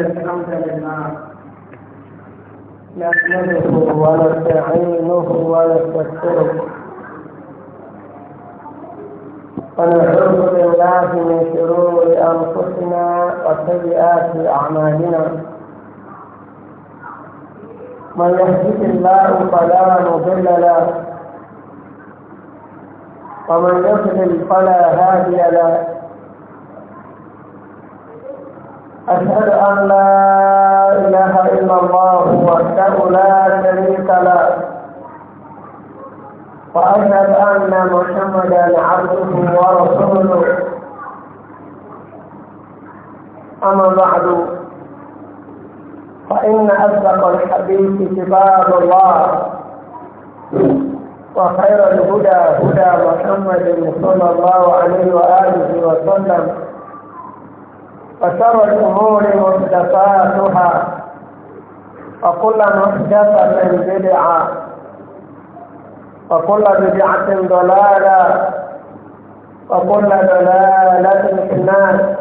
الحمد لله نحمده ونستعينه ونستغفره ونعوذ بالله من شرور انفسنا وسيئات اعمالنا من يهده الله فلا مضل له ومن يضلل فلا هادي له أشهد أن لا إله إلا الله وحده لا شريك له وأشهد أن محمدا عبده ورسوله أما بعد فإن أصدق الحديث كتاب الله وخير الهدى هدى محمد صلى الله عليه وآله وسلم وشر الأمور محدثاتها وكل محدثة بدعة وكل بدعة ضلالة وكل ضلالة في النار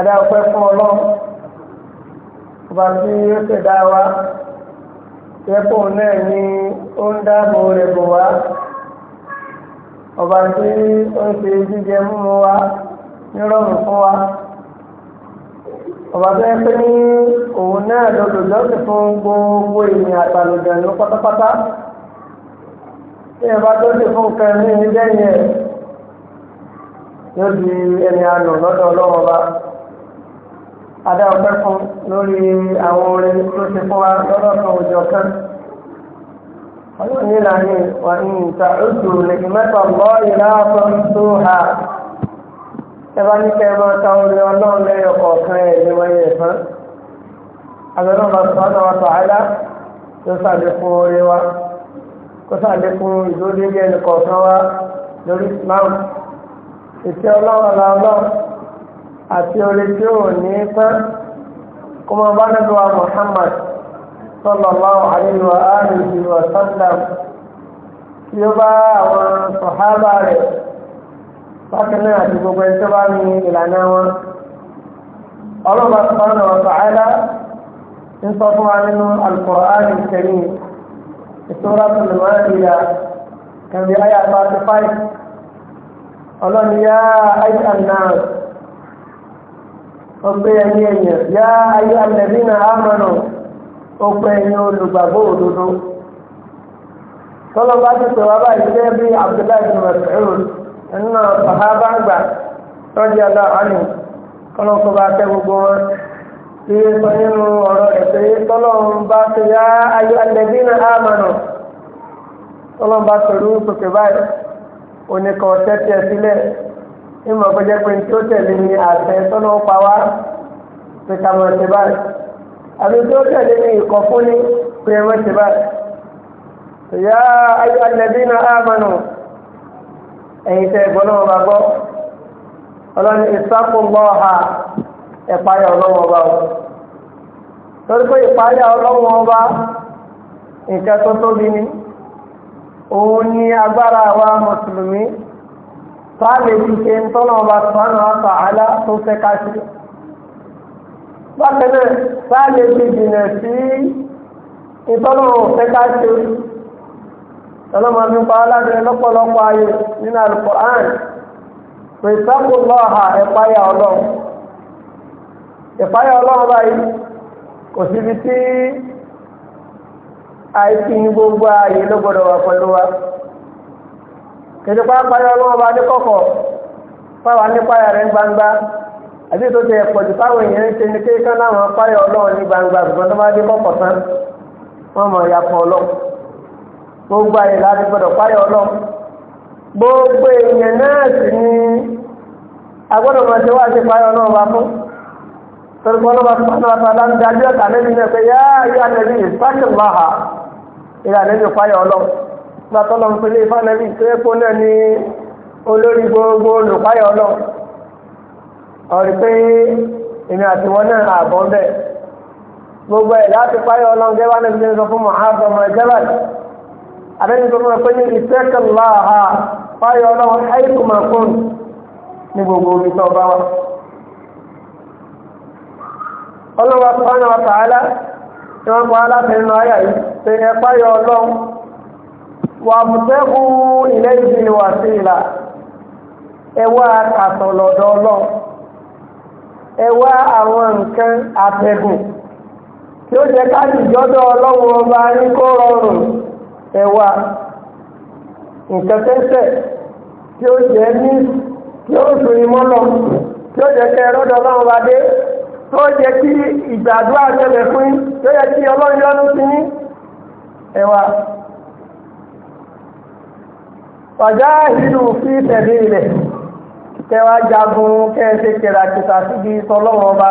ألا أقف الله وبقي يتداوى يكون نني أندى موربوا وبقي أنت يجي جموا nírọ̀rùn fún wa ọba tó yẹ pé ní òun náà lọ́dọ̀dọ́ sì fún gbogbo èèyàn àtàlùjẹ̀nu pátápátá tí ẹ bá tó sì fún nǹkan ní ìdẹ́yìn ẹ̀ yóò di ẹni àná lọ́dọ̀ ọlọ́wọ́ bá adá ọpẹ́ fún lórí àwọn orin tó ti fún wa lọ́dọ̀kan òjò kan ọlọ́run ní ìlànà wà ní ìta ó dùn lè mẹ́ta láàbọ̀ tó hà ẹbá ní kẹ́ máa ta orí ọlọ́run lẹ́yìn ọ̀kọ̀ọ̀kan ẹ̀ ní wọ́n yẹ̀ fún abẹ́rẹ́ máa sọ ọ́nà wọn tààlà tó sàlékún orí wa kó sàlékún ìdódébí ẹnì kọ̀ọ̀kan wa lórí Islam ìfẹ́ ọlọ́run la àti orí tí ò ní pẹ́ kó máa bá nílùú wa Muhammad sallallahu alaihi wa alihi wa sallam tí ó bá àwọn sọ̀hábà rẹ̀ bákan náà àti gbogbo ẹni tó bá ní ìlànà wọn ọlọ́ba subhanahu wa ta'ala ń sọ fún wa nínú al-Qur'an al-Karim Suratul Ma'idah kàbí àyà thirty five ọlọ́ni yá ayé àná ọgbẹ́ ẹni ẹ̀yẹ yá ayé alladhina amanu ọgbẹ́ ẹni olùgbàgbọ́ òdodo tọ́lọ́ba ti pè wá báyìí gẹ́gẹ́ Abdullahi bin Mas'ud. nínú ọ̀hábà àgbà lọ́dí aláàánú kọ́lọ́kọ́ bá tẹ́ gbogbo wọn tí ó sọ nínú ọ̀rọ̀ rẹ̀ pé tọ́lọ́run yá ayé alẹ́bí náà àmànà tọ́lọ́run bá pẹ̀lú sókè báyìí oníkan tẹ́tí ẹ sílẹ̀ ìmọ̀ gbẹ́jẹ́ pé tẹ̀lé ní pa wá pé ká mọ̀ báyìí àbí tẹ̀lé ní ẹ̀yin tẹ́ gbọ́ náà bá gbọ́ ọlọ́ni ìsákùnmọ́ ha ẹ̀páyà ọlọ́wọ́ ọba o torí pé ìpáyà ọlọ́wọ́ ọba nǹkan tó tóbi ni òun ni agbára àwa mùsùlùmí fáàlì ìṣe ń tọ́nà ọba sùnánà àtà àlá tó fẹ́ ká sí bákan náà fáàlì jìnnà sí ìtọ́nà òfẹ́ ká sí ọlọ́mọ mi pa aládé lọ́pọ̀lọpọ̀ ayé nínú Al-Qur'an pèsèkù lọ́ha ẹ̀páyà ọlọ́run ìpáyà ọlọ́run báyìí kò síbi tí àìsí gbogbo ayé ló gbọdọ̀ wà pẹ̀lú wa kìdí pápáyà ọlọ́run bá níkọ̀kọ̀ fáwa nípáyà rẹ̀ gbangba àti tó ti ẹ̀pọ̀ jù táwọn èèyàn ń ṣe ní kéékán láwọn páyà ọlọ́run ní gbangba ṣùgbọ́n tó bá dé kọ̀kọ̀ tán wọ́n mọ̀ ìyàpọ̀ ọlọ́run gbogbo àyè láti gbọdọ̀ páyọ̀ ọlọ́run gbogbo èèyàn náà sì ni agbọ́dọ̀ máa ṣe wá sí páyọ̀ ọlọ́run bá fún tọ́lùkọ́ ọlọ́ba sọ́nà àtàlà ń dájú ọ̀tà lẹ́nu ilẹ̀ pé yá yá lẹ́nu ìfáṣẹ̀ máa ìyá lẹ́nu páyọ̀ ọlọ́run gba tọ́lọ́ ń pèlè ifá lẹ́nu ìtẹ́ẹ̀kọ́ náà ní olórí gbogbo olùpáyọ̀ ọlọ́run ọ̀rí pé èmi àti wọn náà àbẹ́ni tó mọ̀ pé ní ke fáyọ̀ ọlọ́run àìkùmọ̀kùn ní gbogbo omi tó bá wá ọlọ́wọ́ pàánà wàtàálá tí wọ́n pa aláfẹ́nà ayà yìí pé ẹ fáyọ̀ ọlọ́run wà mùtẹ́kù ilé ìdílé wà ẹwà nǹkan tí ó jẹ ní tí ó sùn tí ó jẹ́ kẹ́ ẹ̀rọ́dọ̀ ọlọ́run dé tó jẹ́ kí ìgbàdúrà ṣẹlẹ̀ fún tó yẹ kí ọlọ́run yọ́nú sí ní ẹ̀wà. ọ̀já ìlú fi tẹ̀lé ilẹ̀ kẹwàá jagun síbi ọba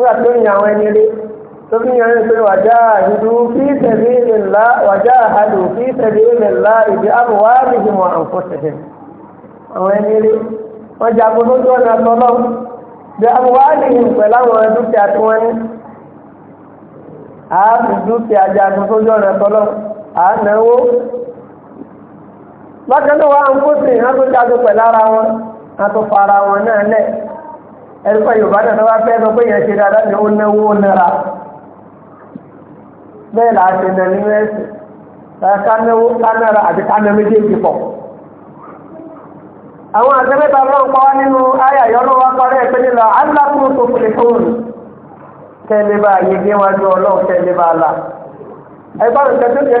kúrò tó yin àwọn ẹni rí tó fi yan ẹni pé wàjá àdúdú fi tẹ̀lé ìlà wàjá àdù fi tẹ̀lé ìlà ìdí àbúwá nìyí mọ̀ àǹkóṣẹ̀ṣẹ̀ àwọn ẹni rí wọ́n jagun lójú ọ̀nà tọ́lọ́ bí àbúwá nìyí pẹ̀lú àwọn dúkìá tí wọ́n ní àáfi dúkìá jagun lójú ọ̀nà tọ́lọ́ ẹ̀rùpá yorùbá náà tó bá fẹ́ sọ pé yẹn ṣe dáadáa ni ó náwó nára bẹ́ẹ̀ là á ṣe nà nínú ẹ̀sìn ká náwó ká nára àti ká ná méjèèjì pọ̀. àwọn àtẹ́mẹ́ta náà pa wá nínú ayà yọ́nà wá parí ẹ̀pẹ́ nílò alákùnrin tó fi fóònù tẹ́lẹ̀ bá yege wájú ọlọ́run tẹ́lẹ̀ bá la ẹgbẹ́ àrùn tẹ́tẹ́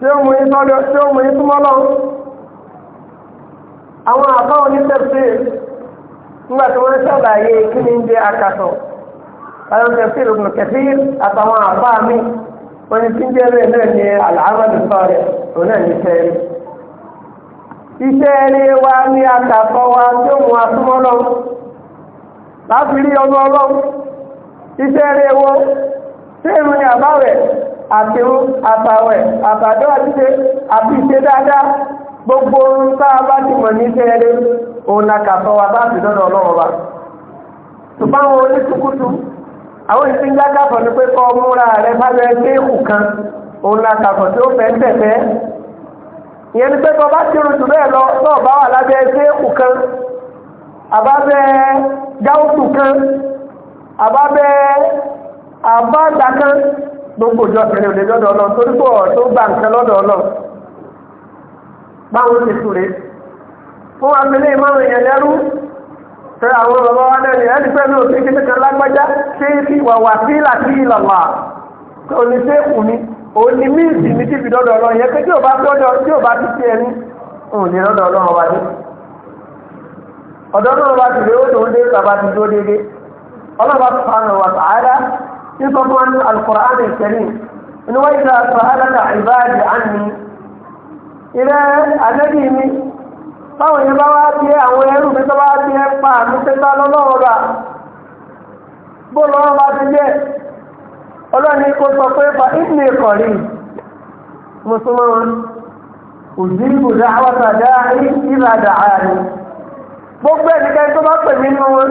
tí ó mú yín tọ́jọ́ tí ó mú yín túmọ́ lọ́wọ́ àwọn àbáwọn ní nígbà tí wọ́n ṣàlàyé kí ni ń jẹ́ akasọ̀ àwọn tẹ̀síì lòkùn kẹfí àtàwọn àbá mi wọ́n ní tí ń jẹ́ bẹ́ẹ̀ náà ní àlàáfàdì sọ̀rẹ̀ òun náà ní sẹ́ẹ̀rì iṣẹ́ eré wa ní akasọ̀ wa tí ó mú atúmọ́ lọ́wọ́ láti rí ọmọ ọlọ́wọ́ iṣẹ́ eré wo tí èrò ní àtẹ̀wò àtàwẹ̀ àtàdọ́ àtìṣe àti ìṣe dáadáa gbogbo ohun tá a bá ti mọ̀ ní kẹ́ẹ̀rẹ́ òun la kà sọ wa dọ́dọ̀ wa ṣùgbọ́n àwọn àwọn ìṣe ń múra rẹ bá lọ ẹgbẹ́ kan òun la tí ó fẹ́ tẹ̀fẹ́ ìyẹn ni pé kọ́ bá ti rùn lọ bá wà kan àbábẹ́ kan gbogbo ìjọ kẹrin ò lọ́dọ̀ ọlọ́ torí pé tó gbà nǹkan lọ́dọ̀ ọlọ́ báwọn ti túre fún amílẹ̀ ìmọ̀ràn èèyàn lẹ́rú fẹ́ àwọn ẹni lágbájá ṣé fi sí láti ìlàlà kù ni òun ni míìsì ní ti fi dọ́dọ̀ ọlọ́ yẹn pé tí ò bá ṣe ẹni يطلب عن القرآن الكريم إن وإذا سألك عبادي عني إلى الذي táwọn èèyàn bá wá bí àwọn ẹrù mi tó bá bí ẹ pa àmì tẹ́ta lọ́lọ́wọ́ bá bó lọ́wọ́ bá ti jẹ́ ọlọ́ni kó sọ pé fa ìpínlẹ̀ kọ̀rí mùsùlùmí òjì ìbùdá àwọ̀tàdá ìlàdà àárín gbogbo ẹnikẹ́ni tó bá pè mí nínú wọn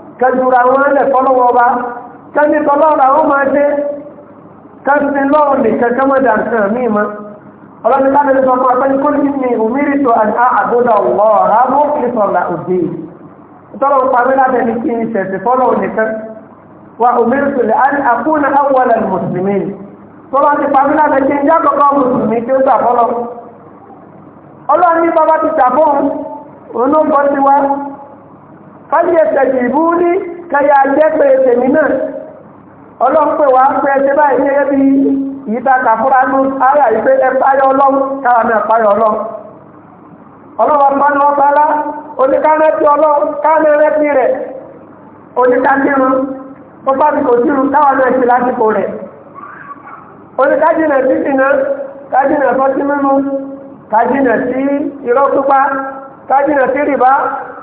kẹjura wọn lẹ̀ fọ́lọ́wọ́ ọba kẹ́ni tọ́lọ́rọ̀ àwọn máa dé kẹ́sìn lọ́rùn nìkan kẹ́mọ́ dàǹkan mí ma ọlọ́ni láti lè sọ fún apẹ́ kó ní ní òmírí tó àgbódà ọ̀wọ́ rábó ìsọ̀là òde tọ́lọ̀ ń parí láti ní kí ní tẹ̀sí fọ́lọ́rùn nìkan wa òmírí tó lè án fáyé ẹsẹ̀jì ìbú ní kẹyà jẹ́ pé tèmi náà ọlọ́pẹ̀ wá pẹ́ ẹsẹ̀ báyìí ní ẹbí ìta kàfúrá ní ara ìpé ẹpáyọ ọlọ́run kára ní ẹpáyọ ọlọ́run ọlọ́wọ́ pánú ọba lá oníkárẹ́tì ọlọ́run kárẹ́rẹ́tì rẹ̀ oníkárẹ́rún tó bá ti kò sírun káwọn náà ṣe lásìkò rẹ̀ oníkájìnà sí ìná kájìnà sí irọ́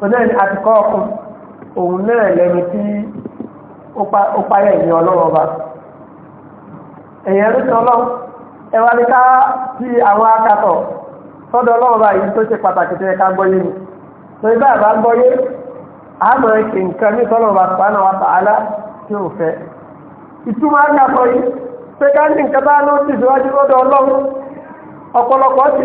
òun náà ọkùn òun náà lẹ́nu tí ó páyẹ̀ ní ọba èèyàn ló ti ní sí àwọn akatọ̀ sọ́dọ̀ ọba yìí tó ṣe pàtàkì tẹ́ ká gbọ́yé ni lórí bá àbá gbọ́yé àmọ́ nǹkan ní sọ́dọ̀ tààlà tí ò fẹ́ ìtumọ̀ akatọ̀ yìí pé ká ní nǹkan bá ló ti lọ́dọ̀ ọ̀pọ̀lọpọ̀ ti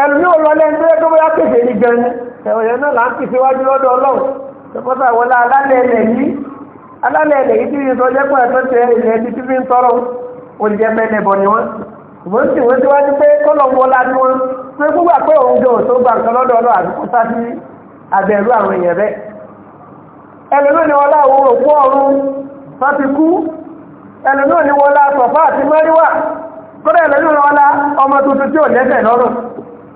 ẹlòmí ò lọlé ń tẹ́lẹ̀ tó bóyá kéde ní gan ni náà là ń fi síwájú lọ́dọ̀ ọlọ́run tọpọ́tà wọlé alálẹ̀ ẹ̀lẹ̀ yìí alálẹ̀ ẹ̀lẹ̀ yìí tí yìí ẹ̀tọ́ tẹ ilẹ̀ ẹbí tí fi ń tọrọ mẹ́lẹ̀ bọ̀ ni wọ́n wọ́n sì wọ́n síwájú pé wọlá ni wọ́n pé gbogbo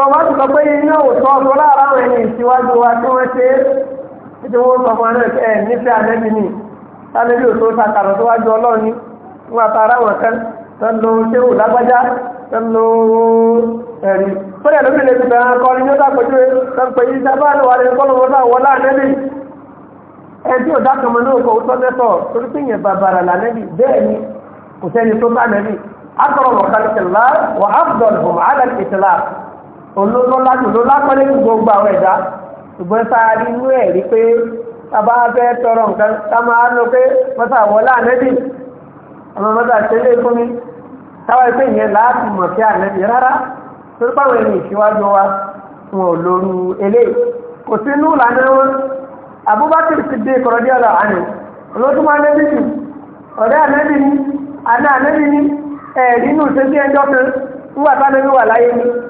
bọ̀bá ti sọ pé iná ò tọ́ ọ̀tọ́ láàárọ̀ àwọn ẹni ìṣíwájú wa tí wọ́n ṣe é nítorí wọ́n sọ fún ẹ náà ẹ̀ nífẹ̀ẹ́ ànẹ́bí ni tálẹ́bí ò tó takàrọ̀ síwájú ọlọ́run ní wọ́n àtàrà wọn kan tán lo ṣéwù lágbájá tán lo ẹ̀rí fọ́lẹ̀ lómi lè fi bẹ̀rẹ̀ akọrin ní ó dàpọ̀jú ẹ tán pé yìí sábà ní wà lẹ́nu kọ́lọ́ wọn olólọ́lájú ló lápẹ́lẹ́ ní gbogbo àwọn ẹ̀dá ṣùgbọ́n sáárì inú ẹ̀ rí pé fẹ́ tọrọ nǹkan ká lọ pé mọ́tà wọlé ànẹ́bì ọmọ mọ́tà ṣẹlẹ̀ fún mi táwa pé ìyẹn láti mọ̀ sí ànẹ́bì rárá torí báwọn ẹni ìṣíwájú wa wọn ò lóru kò sí inú wọn ti dé àná ànẹ́bì ni ọ̀rẹ́ ànẹ́bì ni àná ànẹ́bì ni ṣe ẹjọ́ kan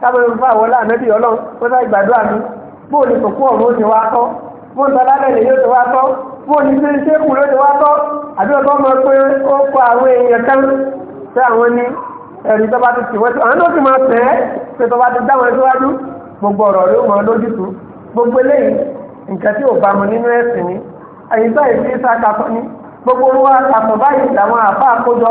sábẹ́ fún àwọn láàmẹ́bí ọlọ́run wọ́n sá ìgbàdúrà mi bóò ní sòkú ọ̀run ó ti wá tọ́ bóò ní ọlábẹ́lẹ̀ yóò ti wá tọ́ bóò ní sí sẹ́kù ló ti wá tọ́ àbí ọ̀tọ́ mọ̀ pé ó kọ àwọn èèyàn kan sí àwọn ní ẹ̀rí tó bá ti tì wọ́n sí àwọn náà sì máa tẹ̀ ẹ́ pé tó bá ti dá wọn síwájú gbogbo ọ̀rọ̀ ló mọ̀ lójútu gbogbo eléyìí nǹkan tí ò bá mu nínú ẹ̀sìn ni àyíká ìfi sàkàtọ̀ ni gbogbo wa àtọ̀ báyìí làwọn àbá àkójọ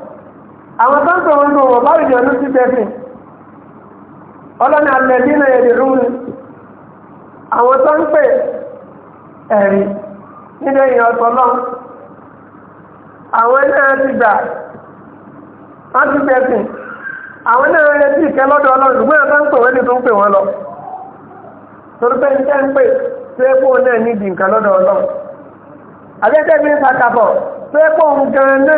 àwọn tó ń sọ̀rọ̀ ń sọ̀rọ̀ bá ìjọ ní ti ọlọ́ni àlẹ́bí náà àwọn tó ń pè ẹ̀rí nínú èèyàn ọ̀tọ̀ náà àwọn náà ti gbà wọ́n ti àwọn náà sí ìkẹ́ lọ́dọ̀ onye ṣùgbọ́n ẹ̀ta ń tó ń pè wọ́n lọ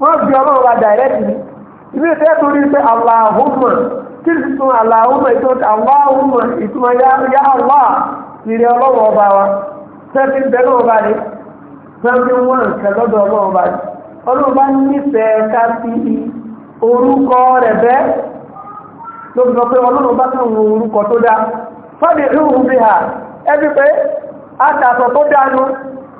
wọ́n bí ọlọ́run wa dàrẹ́tì ní ilé ìfẹ́ torí pé aláhùnmọ̀ kí n tún aláhùnmọ̀ ìtọ́ aláhùnmọ̀ ìtumọ̀ yá àlá ọba wa sẹ́fí ń ọba rẹ̀ sẹ́fí wọ́n nǹkan ọba bá nífẹ̀ẹ́ ká orúkọ rẹ̀ ló fi sọ pé bá kàn wọ orúkọ tó bí ha ẹbí pé tó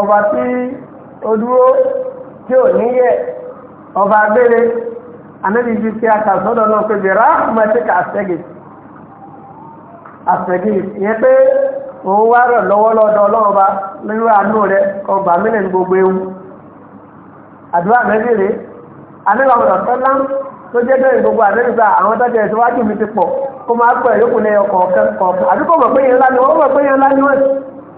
ọba tí ó dúró tí ò níyẹ ọba agbére anábì fi ṣe àkàsọ́dọ̀ náà pé bẹ̀rẹ̀ àmọ́tíkà àṣẹ́gì àṣẹ́gì ìyẹn pé òun wá rọ̀ lọ́wọ́ lọ́dọ̀ ọlọ́run bá àánú rẹ ọgbà mílẹ̀ ní gbogbo ewu àdúrà anábì rè anábì àwọn tó jẹ́ bẹ́ẹ̀ gbogbo tó mi ti pọ̀ kó máa yókù lẹ́yọ kọ̀ọ̀kan àdúgbò mọ̀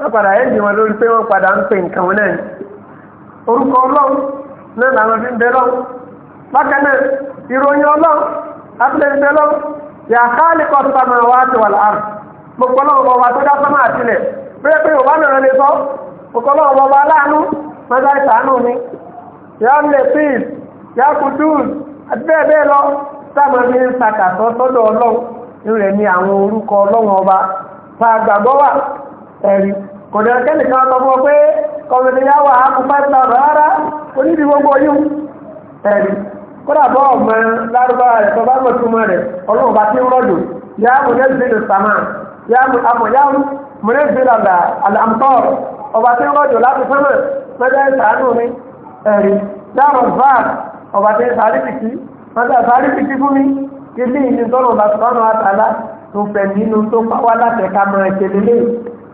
wọ́n padà ẹ́jì wọn lórí pé wọ́n padà ń pè nǹkan wọn náà orúkọ ọlọ́run náà làwọn fi ń bẹ lọ́run bákan ìròyìn ọlọ́run abúlé ń bẹ lọ́run yà á sọmọ wa ti wà láàrú gbogbo ọlọ́run ọba tó dá sọmọ àtìlẹ̀ bẹ́ẹ̀ pé òbá náà lè sọ gbogbo ọlọ́run ọba aláàánú mẹ́ta ìtàánú mi yà á lè ni àwọn orúkọ ọlọ́run ọba tá a kọ̀dọ̀ kẹ́nìkan tọ́mọ́ pé kọmìnìyàwó àkùpá ìta rárá onídi gbogbo yíò ẹ̀rí kódà bọ́ ọ̀mọ lárúbá rẹ̀ tọ́ bá mọ̀ túmọ̀ rẹ̀ ọlọ́run bá ti ń rọ̀jò yá mú nẹ́sìlẹ̀ lè sàmà yá mú amọ̀ yá mú nẹ́sìlẹ̀ àlàmtọ́ ọba ti ń rọ̀jò láti sánmà mẹ́jọ ìsàánú mi ẹ̀rí dáàmú vaa ọba ti ń sáré pìkì mẹ́jọ sáré pìkì fún mi ilé ìní tọ́nà ọba tọ́nà àtàlá tó fẹ̀ nínú tó pàwọ́ látẹ̀ká mọ́ ẹ̀kẹ́lẹ́lẹ́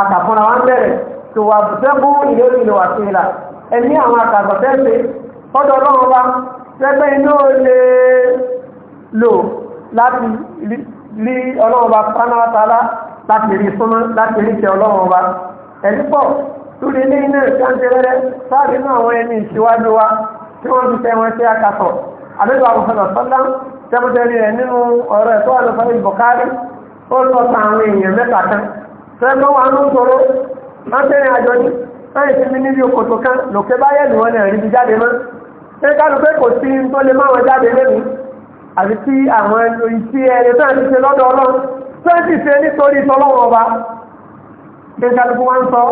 àkàfúnra wọn bẹ̀rẹ̀ tó wà bùsẹ́kù ìlú ìlú wà sí ìlà ẹ̀mí àwọn àkàtọ̀ tẹ́sí ọdọ̀ ọlọ́run bá lẹ́gbẹ́ inú lè lò láti rí ọlọ́run bá pánáwátálá láti rí súnmọ́ láti rí tẹ ọlọ́run bá ẹ̀mí pọ̀ lórí ilé iná ìṣàǹtẹ̀rẹ́rẹ́ sáàrí inú àwọn ẹni ìṣíwájú wa tí wọ́n ti tẹ́ wọn sí àkàtọ̀ àlejò àwòsàn ọ̀sọ́lá tẹ́mọ̀tẹ́rí rẹ̀ fẹ́ẹ̀kọ́ wà ní sọ̀rọ̀ látẹ́rin àjọ ní láì sí mi níbi òkòtò kan lòkè báyẹ̀ lù wọn ẹ̀rí ti jáde mọ́ ṣé ká ló pé kò sí tó lè máwọn jáde lẹ́nu àti tí àwọn ìròyìn tí ẹni tó ti ṣe lọ́dọ̀ ọlọ́run tó ti ṣe nítorí tọlọ́wọ́ ọba ṣé ká ló fún ń sọ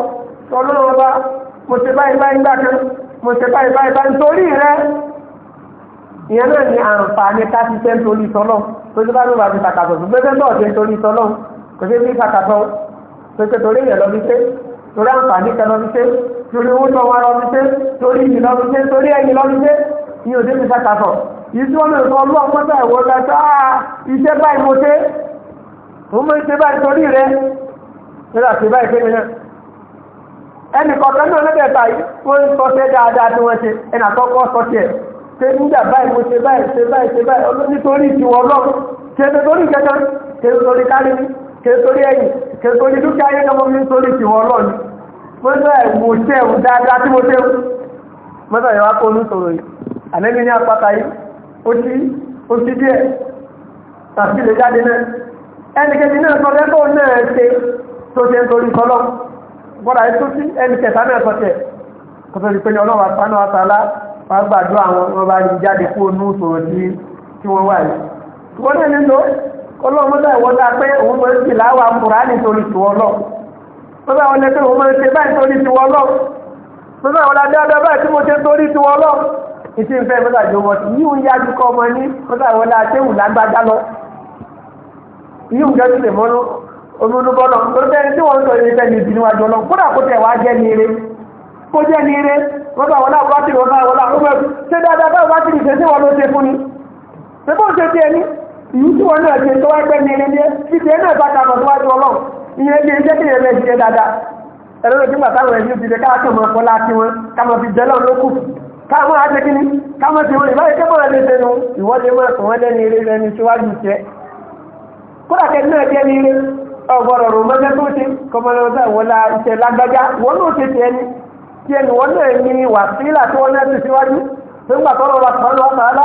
tọlọ́wọ́ ọba mo ṣe báyìí báyìí gbà kan ni àǹfààní ká pẹ̀pẹ̀ torí yẹn lọ fi ṣe torí àǹfààní kan lọ fi ṣe torí owó tó wá lọ fi ṣe torí ìyìn lọ fi ṣe torí ẹ̀yìn lọ fi ṣe ní òde mi sá kàtọ̀ ìṣú ọ̀nà ìfọ̀ ọlọ́ ọmọdé ìwọ lọ́jọ́ iṣẹ́ báyìí mo ṣe mo mọ iṣẹ́ báyìí torí rẹ nígbà tí báyìí pé mi ẹnì kọ̀ọ̀kan náà lọ́dẹ̀ báyìí wọ́n ń sọ ṣe dáadáa tí wọ́n ṣe ẹnì ṣe nígbà báyìí mo ṣe báyìí ṣe báyìí ṣe báyìí nítorí ìṣìwọ̀ ọlọ́run ṣe nítorí ìkẹta ṣe nítorí kárí kétorí ẹ̀yìn kétorí dúkìá yẹn lọ́mọ mi nítorí tìwọ́ ọlọ́ọ̀ni mọ́tò ẹ̀ mo tẹ̀wù dáadáa tí mo tẹ̀wù mọ́tò yẹn wá kó ní sọ̀rọ̀ yìí ànẹ́bí ní apáta yìí ó ti ó ti díẹ̀ tàbí lè jáde náà ẹnìkejì náà sọ fẹ́ kóun náà ṣe tó ṣe ń torí kọlọ́ gbọ́dọ̀ ẹ̀ tó sí ẹnìkẹta ọlọ́run mọ́tà ìwọ́n ta pé òun mọ̀ sí làwọn àmúra nítorí tiwọn lọ mọ́tà àwọn ẹlẹ́pẹ́ òun mọ̀ ṣe báyìí torí tiwọn lọ mọ́tà àwọn adáadáa báyìí tí mo ṣe torí tiwọn lọ ìtì ń fẹ́ mọ́tà ìjọba tí yíò ń yájú kọ́ ọmọ ní mọ́tà àwọn aláṣẹ́wù lágbájá lọ yíò ń jẹ́ sílẹ̀ mọ́nú olùdókọ́lọ́ torí bẹ́ẹ̀ tí wọ́n ń sọ ìlú tí wọn náà ṣe tó wá gbẹ́ ní ẹni ní títí ẹ náà bá ta àbọ̀tún wájú ọlọ́run ìyẹn lè jẹ́ kéèyàn lè ṣiṣẹ́ dáadáa ẹ̀rọ lòdì gbà táwọn ẹ̀yìn ti lè káwá tó máa fọlá sí wọn ká máa fi bẹ́lọ̀ lókù káwọn á ṣe kíní káwọn ti wọn ìbáyé kẹ́mọ́ lè ṣe nu ìwọ́de máa sọ wọ́n lẹ́ni wọn náà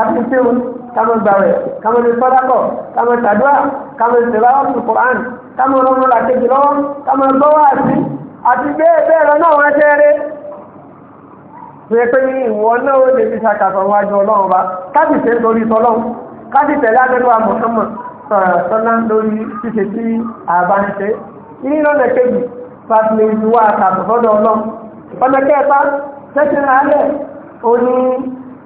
àti ṣéun kámẹ́ gbàwẹ̀ kámẹ́ ní sọ́dákọ̀ kámẹ́ tàdúrà kámẹ́ ìṣẹ̀láwà sí Quran kámẹ́ ọlọ́run là kejì lọ́wọ́ kámẹ́ gbọ́wọ́ àti àti bẹ́ẹ̀ bẹ́ẹ̀ lọ náà wọ́n ṣẹ́ẹ́rẹ́ pé pé ní ìwọ náà ó lè fi ṣàkàtọ̀ wájú ọlọ́run bá káàdì tẹ́ lórí tọ́lọ́run káàdì tẹ̀lé agbẹ́lúwa Muhammad sọ́nà lórí ṣíṣe tí àbá ń ṣe ní lọ́nà kejì fàtìlẹ̀ ìwà àtàbọ̀sọ́dọ̀ ọlọ́run ọ̀nà kẹta tẹ́sí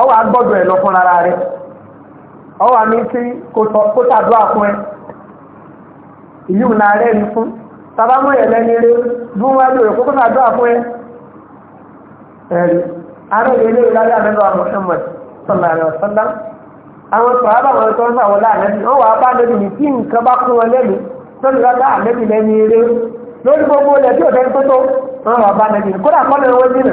ọwọ́ agbọ́dọ̀ ẹ̀ lọ fún ara rẹ̀ ọwọ́ àmì tí kò ẹ ìlú na rẹ̀ ní fún tàbámọ́ ẹ̀lẹ́ ní eré bí wọ́n ẹ ẹ̀rí arẹ́lẹ̀ ilé ìlàlẹ́ àmẹ́lọ́wà Muhammad sallallahu alaihi wasallam àwọn àwọn tó ń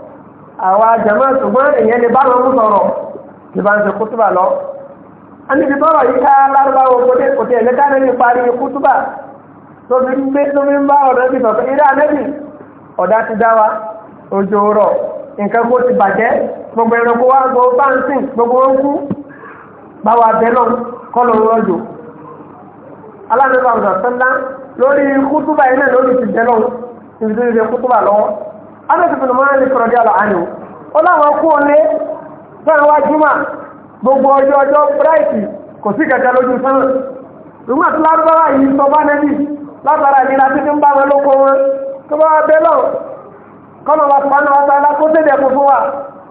àwọn àjẹmọ́ ṣùgbọ́n èèyàn lè bá wọn mú sọ̀rọ̀ ní bá ń ṣe kútùbà lọ. a níbi bọ́rọ̀ yìí ká lárúbáwò kòtẹ́ kòtẹ́ ẹ̀lẹ́ta nẹ́bí parí kútùbà tó fi ń gbé tó fi ń bá ọ̀rọ̀ ẹbí sọ̀tọ̀ ilé ànẹ́bì ọ̀dá ti dá wa òjò rọ̀ nǹkan kó ti bàjẹ́ gbogbo ẹranko wa gbọ́ báńsìn gbogbo wọn kú báwa bẹ́ anábìbìnrin máa ń lè sọ̀rọ̀ díà láàánú ó láwọn kú olé sọ́rọ̀ wá júmọ̀ gbogbo ọjọ́ ọjọ́ bright kò sí kẹta lójú sánà rúmọ̀ tí lábára yìí sọ bá nẹ́bí lábára yìí láti fi ń bá wọn lóko wọn tó bá bẹ́ lọ kọ́nà wa fana wa bá lákó tẹ́lẹ̀ kó fún wa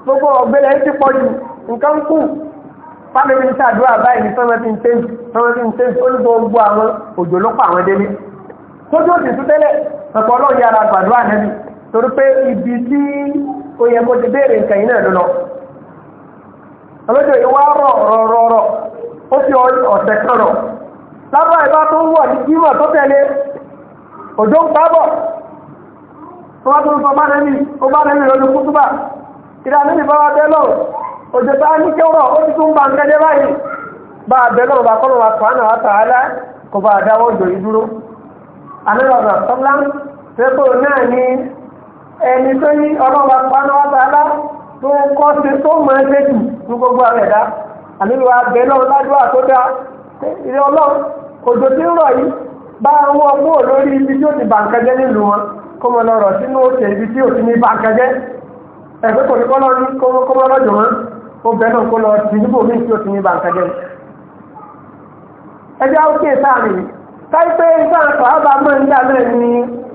gbogbo ọ̀gbẹ́lẹ̀ ti pọ̀ jù nǹkan kù fábẹ́bí ń ṣàdúrà báyìí sọ́mọ́ ti ń tẹ́jú sọ́mọ́ ti ń tẹ́jú ó ní gbogbo àwọn òjò ló pa àwọn délé tójú òsì tún tẹ́lẹ̀ ọ̀pọ̀ ọlọ́run yára gbàdúrà nẹ́bí torí pé ibi tí ó yẹ kó ti béèrè nǹkan yìí náà ló lọ ọlọ́jọ́ ìwá rọ̀ rọ̀rọ̀ ó fi ọ̀sẹ̀ kan rọ̀ lábọ́ ìbá tó ń wọ̀ ní jímọ̀ tó tẹ̀lé òjò ń pábọ̀ tó wá tó ń sọ bá nẹ́mí ó bá nẹ́mí lórí kútúbà ìdá nẹ́mí ní kẹ́rọ̀ ẹni tó ní ọlọ́wà panáwátálá tó kọ́ sí tó mọ̀ ẹ́ ní gbogbo rẹ̀ dá àníbi wa bẹ̀ tó dá ilé ọlọ́run òjò tí ń rọ̀ yìí bá ń wọ́ lórí ibi tí ó ti bàǹkẹ́jẹ́ nílùú wọn kó mọ ibi tí ó ti ní bàǹkẹ́jẹ́ ẹ̀fẹ́ kò ní kọ́ kó mọ́ lọ́jọ́ wọn ó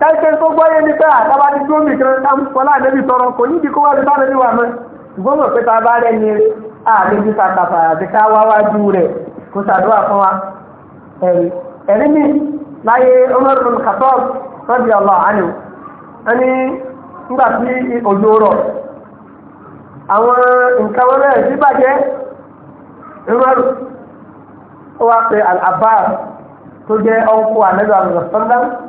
káìpẹ́ tó gbọ́yé ní pé àtàbá ní tó mì kan ká ń sọ láàdébì tọrọ kò ní ìdí kó wá lè bá lórí wà mọ́ ṣùgbọ́n mọ̀ pé ta bá rẹ̀ ní eré àlejò sàkàfà àti ká wá wájú rẹ̀ kó ṣàdúrà fún wa ẹ̀rí ẹ̀rí mi láyé Umar bin Khattab radiyallahu anhu ẹni nígbà tí òjò rọ̀ àwọn nǹkan wọn bẹ̀rẹ̀ sí bàjẹ́ Umar ó wá pe al tó jẹ́ ọkọ̀ àlejò àlùfáà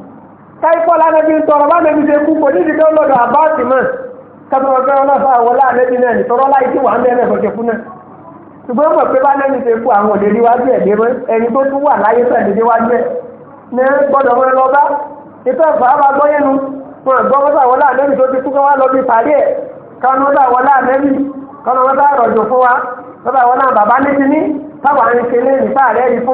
káyipọ́ lánàbí ń tọrọ lánàbí ṣe kú kò ní ìdíkẹ́ ọlọ́dọ̀ àbáàtì mọ́ kátólọ́gbẹ́ ọlọ́fà wọ lánàbí náà ní tọrọ láì tí wà ń bẹ́ẹ̀ fọ̀jẹ̀ fún náà ṣùgbọ́n mọ̀ pé lánàbí ṣe kú àwọn òde níwájú ẹ̀ dé mọ́ ẹni tó tún wà láyé pẹ̀lú níwájú ẹ̀ ní gbọ́dọ̀ wọn lọ bá ìfẹ́ fàábà gbọ́yẹnu wọn gbọ́ mọ́tà wọ lánàbí tó bá wọ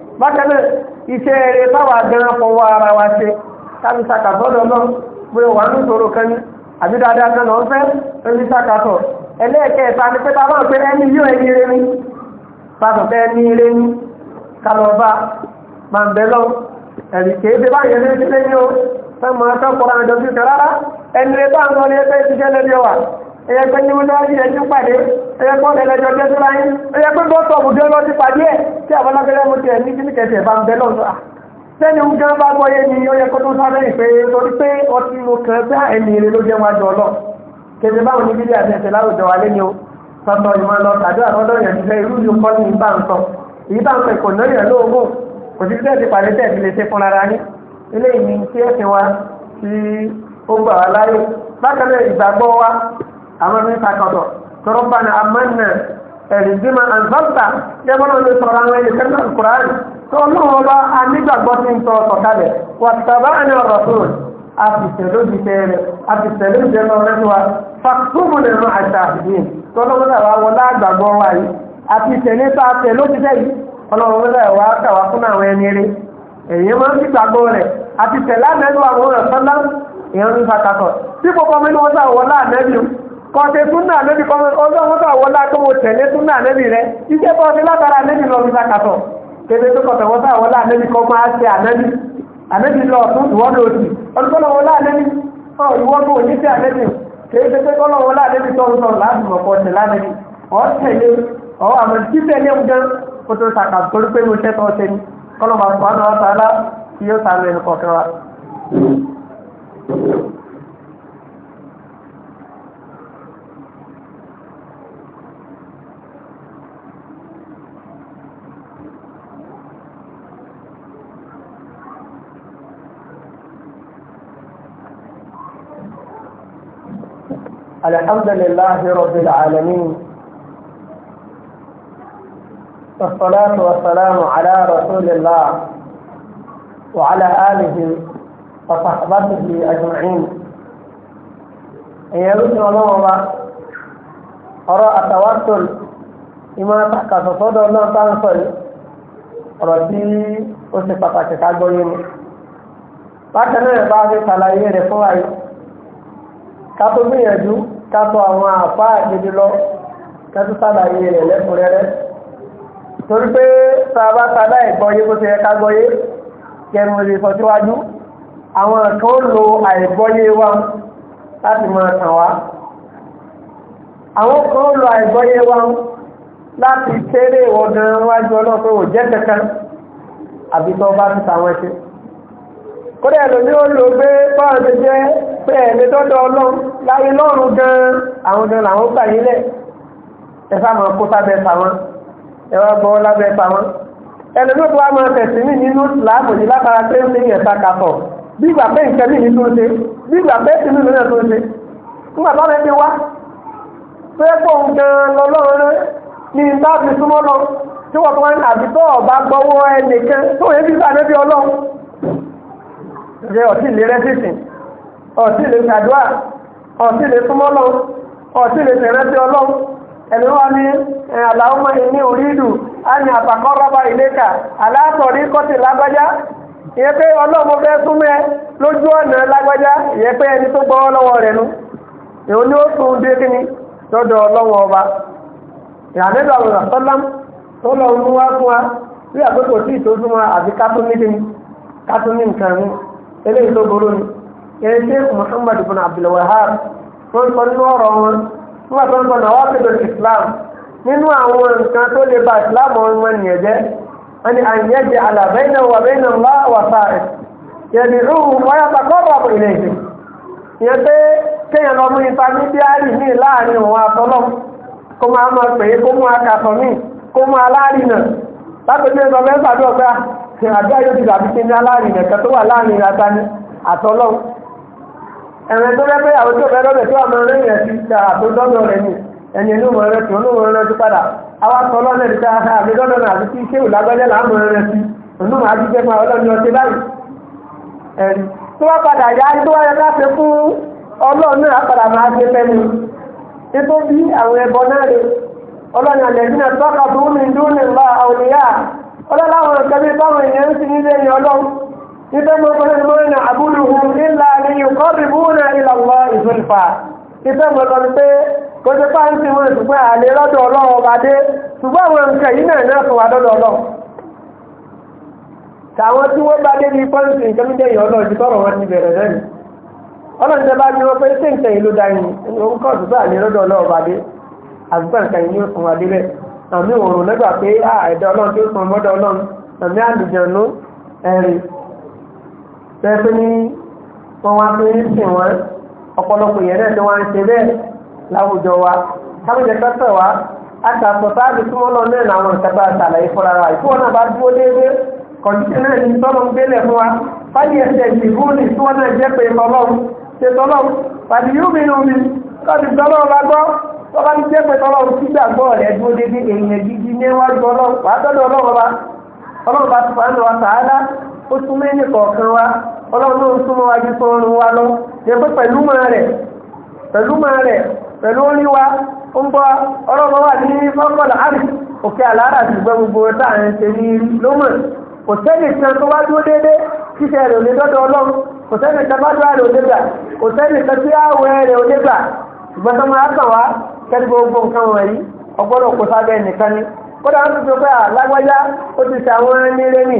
bákan náà iṣẹ́ eré báwa gan fọwọ́ ara wa ṣe kábi sàkàtọ́dọ̀ náà pé wà ní ìṣòro kan ní àbí dáadáa kan náà ń fẹ́ ẹni sàkàtọ̀ ẹlẹ́ẹ̀kẹta ni pé báwa pé ẹni yóò ẹni eré ní pàtó pé ẹni eré ní kálọ̀ọ́bà máa ń bẹ lọ ẹ̀rì kéde báyìí ẹni ìṣẹ́lẹ̀ ní o fẹ́ mọ̀ ẹ́ fẹ́ kọ́ra ẹ̀dọ́ ẹ̀yẹ pé ní mọ́tàlásì rẹ̀ tún pàdé ẹ̀yẹ pé ọ̀dẹ̀ lẹ́jọ́ tẹ́tù láyé ẹ̀yẹ pé bọ́tọ̀ ọ̀bùdó lọ ti pàdé ẹ̀ tí àbọ̀lágbẹ́lẹ́ mo tiẹ̀ ní kíní kẹsẹ̀ bá ń à sẹ́ni ń bá gbọ́ yé ni ó yẹ kó tó sáré ìpè torí pé ọtí mo ah, ló jẹ́ wọn lọ kẹsẹ̀ bíbí láwùjọ wa lẹ́ni o sọ̀tọ̀ ìmọ̀ lọ tàbí àtọ́dọ̀ yẹn ti fẹ́ irú kọ́ ní ìbá ń sọ èyí bá ń pẹ̀ kò lóògùn kò sí pàdé lè ṣe àwọn mẹ́ta kọ̀tọ̀ tọrọ bá ní amánà ẹ̀rì bí ma ń sọ́ta yẹ bọ́lá ní sọ̀rọ̀ àwọn ẹni kẹ́kẹ́ kùrán tó lọ́wọ́ bá a nígbàgbọ́ sí ń tọ́ sọ̀kalẹ̀ wà tàbá ní ọ̀rọ̀ tó a fi tẹ̀lé ti tẹ̀lé wa fàkúmù lè rán àṣà àfihàn tó lọ́wọ́ náà wà wa yìí a fi tẹ̀lé tá a tẹ̀lé ti tẹ̀lé ọlọ́wọ́ náà wà kàwá gbàgbọ́ rẹ̀ a fi tẹ̀lé àwọn ọ̀rẹ́ sọ́lá èèyàn ń tí gbogbo mi ni wọ́n sà wọlé kọ̀ọ̀tẹ̀ súnà lóbi kọ́mọ ọlọ́run tó àwọn lákòwò tẹ̀lé súnà lóbi rẹ iṣẹ́ bọ́ ọdún látara lóbi lọ fi sàkàtọ̀ tẹ̀lé tó kọ̀tẹ̀ wọ́n sáwọn láàlẹ́bí kọ́ máa ṣe àlẹ́bí àlẹ́bí lọ ọ̀tún ìwọ́n lòdì ọdúnkọ́lọ́wọ́ láàlẹ́bí ọ̀ ìwọ́n tó ní sí àlẹ́bí kìí ṣe pé kọ́lọ́wọ́ láàlẹ́bí tọ́rù tọ́rù láti mọ̀kọ́ tẹ̀ láàlẹ́bí ọ̀ tẹ̀lé ọ̀ àmọ́ títẹ̀lé oúnjẹ kó tó sàkà torí pé mo ṣẹ́ tọ́ ṣe ni kọ́lọ́wọ́ àwọn ọ̀tá الحمد لله رب العالمين والصلاة والسلام على رسول الله وعلى آله وصحبته أجمعين يا رسول الله أرى التوكل إما تحكى صدر الله تنصل رسي أسفتك كالبوين bákan náà bá fi ṣàlàyé rẹ̀ fún kátọ́ àwọn àfá àgbèdè lọ kẹ́tù sàlàyé rẹ̀ lẹ́kùnrẹ́rẹ́ torí pé sábà sábà ìgbọ́yé bó ti yẹ ká gbọ́yé kẹrin lè sọ síwájú àwọn kan lo àìgbọ́yé wa láti máa tàn wá àwọn kan lo àìgbọ́yé wa láti tẹ́lẹ̀ ìwọ gan wájú ọlọ́pẹ́ ò jẹ́ kankan àbí tó bá ti tàwọn ẹṣin kódà ẹlòmí ó lò pé báwọn ti jẹ́ pé ẹ̀mí dọ́dọ̀ ọlọ́run láyé lọ́rùn gan-an àwọn gan làwọn gbà yín lẹ̀ ẹ sáàmù kó sábẹ́ pa wọn ẹ wá gbọ́ lábẹ́ pa wọn ẹlẹ́dọ́ tó wá máa tẹ̀sí mí nínú làákò yìí látara pé ń fi yẹn ta kàtọ̀ bí ìgbà pé nǹkan mí nínú ṣe bí ìgbà pé ti nínú náà tó ṣe nígbà tó ti wá pé kó ń gan lọ́lọ́run rẹ ní bá fi súnmọ́ lọ tí wọ́n tó wá ní àbítọ́ ọ̀bá gbọ́wọ́ ẹnìkan tó yẹ bí ìgbà ọlọ́run ṣe ọ̀sìn lérẹ́sìsìn ọ̀tí lè ṣàdúrà ọ̀tí lè súnmọ́ lọ ọ̀sí lè tẹ̀rẹ́sí ọlọ́run ẹ̀mí wá ní àlàómọ́ ìní orídù ní àtàkọ́rọ́bà ìlékà aláàtọ̀rí kọ́tì lágbájá ìyẹn pé ọlọ́mọ fẹ́ súnmọ́ ẹ lójú ọ̀nà lágbájá pé ẹni tó gbọ́wọ́ rẹ̀ ni ó dé lọ́dọ̀ ọlọ́wọ́ ọba ìhànẹ́dọ̀ tó mú wá fún wa sheikh muhammad ibn abdul wahab tó ń sọ nínú ọ̀rọ̀ wọn nígbà tó ń sọ náà wá pẹ̀lú islam nínú àwọn nǹkan tó lè ba islam ọmọ nìyẹn jẹ́ wọ́n ni àyè jẹ́ àlàbẹ́ náà wà bẹ́ẹ̀ náà wá wà sáré yẹ̀dì rúhù wáyà pàkọ́bọ̀ pẹ̀lú ilẹ̀ ìyẹn pé kéèyàn lọ mú ipa ní bíárì ní láàrin òun àtọ́lọ́ kó máa ti dàbí kí ní aláàrin ẹ̀kẹ́ tó wà láàrin ìrata ní àtọ́lọ́ ẹ̀rẹ̀ tó lẹ́pẹ́ àwọn tó bẹ́ẹ̀ lọ́bẹ̀ tó àmọ́ rẹ̀ yẹn ti ta àtúndọ́dọ̀ rẹ̀ ni ẹni inú mọ̀ rẹ̀ tó inú mọ̀ rẹ̀ tó padà àwọn sọ lọ́nà ìta àbídọ́dọ̀ náà àti tí iṣẹ́ ìlágbẹ́lẹ́ làámọ̀ rẹ̀ ti inú mọ̀ àjíjẹ́ fún àwọn ọlọ́ni ọtí báyìí ẹ̀rí tó wá padà yá tó wáyé láti fún ọlọ́run náà padà máa ṣe fẹ́mi títún bí àwọn ẹbọ náà rè ọlọ́run àlẹ́dínà tọ́ka tó ń rìn dúró nígbà àwòrán yá ọlọ́láwọn ọ̀kẹ́bí báwọn èèyàn ń sin nílé ẹ̀yìn ọlọ́run إذا ما ما نعبدهم إلا ila إلى الله زلفى إذا ما قلت ti wọ́n ṣùgbọ́n àlè lọ́dọ̀ ọlọ́run ọba dé ṣùgbọ́n àwọn nǹkan yìí náà náà fún wa lọ́dọ̀ ọlọ́run tàwọn tí wọ́n bá dé ní pọ́ǹsì nǹkan ló dẹ̀yìn ọlọ́run da tẹ́ ní wọ́n wá pé ń sìn wọ́n ọ̀pọ̀lọpọ̀ yẹn tí wọ́n ń ṣe bẹ́ẹ̀ láwùjọ wa káwùjọ tọ́tọ̀ wa àtàkùn sáàbì tí wọ́n lọ náà làwọn ìkẹta àtàlàyé fúnra wa ní tọ́lọ́ ń gbélé fún wa fáyì tí wọ́n gidi ó tún mẹ́ni kọ̀ọ̀kan wa ọlọ́run súnmọ́ wájú wa lọ yẹ pé pẹ̀lú rẹ̀ wa ń bọ́ ọlọ́run wà ní mọ́kànlá àrí òkè àlàárà ti gbọ́ gbogbo táà ń ṣe ní lómọ̀ kò sẹ́ni kan tó wá dúró déédéé rẹ̀ ò lè dọ́dọ̀ ọlọ́run kò kan kò kan tí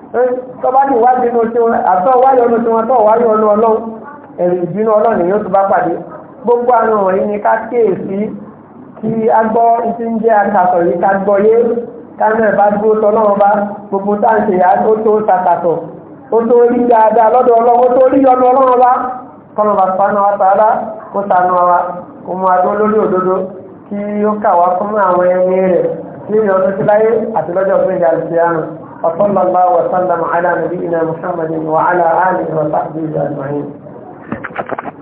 tọ́ba ti wájú inú tí wọn àtọ́ wáyọ̀ inú tí wọn tọ́ wáyọ̀ inú ọlọ́run ẹ̀rù ìbínú ọlọ́run ni yóò tún bá pàdé gbogbo àwọn wọ̀nyí ni ká kíyèsí kí a gbọ́ ti ń jẹ́ àtàtọ̀ yìí ká gbọ́ yé káná ẹ̀ bá dúró tọ́lọ́run bá gbogbo táǹtì yá ó tó tàtàtọ̀ ó tó rí dáadáa lọ́dọ̀ ọlọ́run ó tó rí ọdún ọlọ́run bá kọ́nà bá sanu wa tààlà kó sanu wa kó mu adó lórí òdodo kí ó kà wá fún àwọn ẹni rẹ̀ ní ìyọ̀nù síláyé وصلى الله وسلم على نبينا محمد وعلى آله وصحبه أجمعين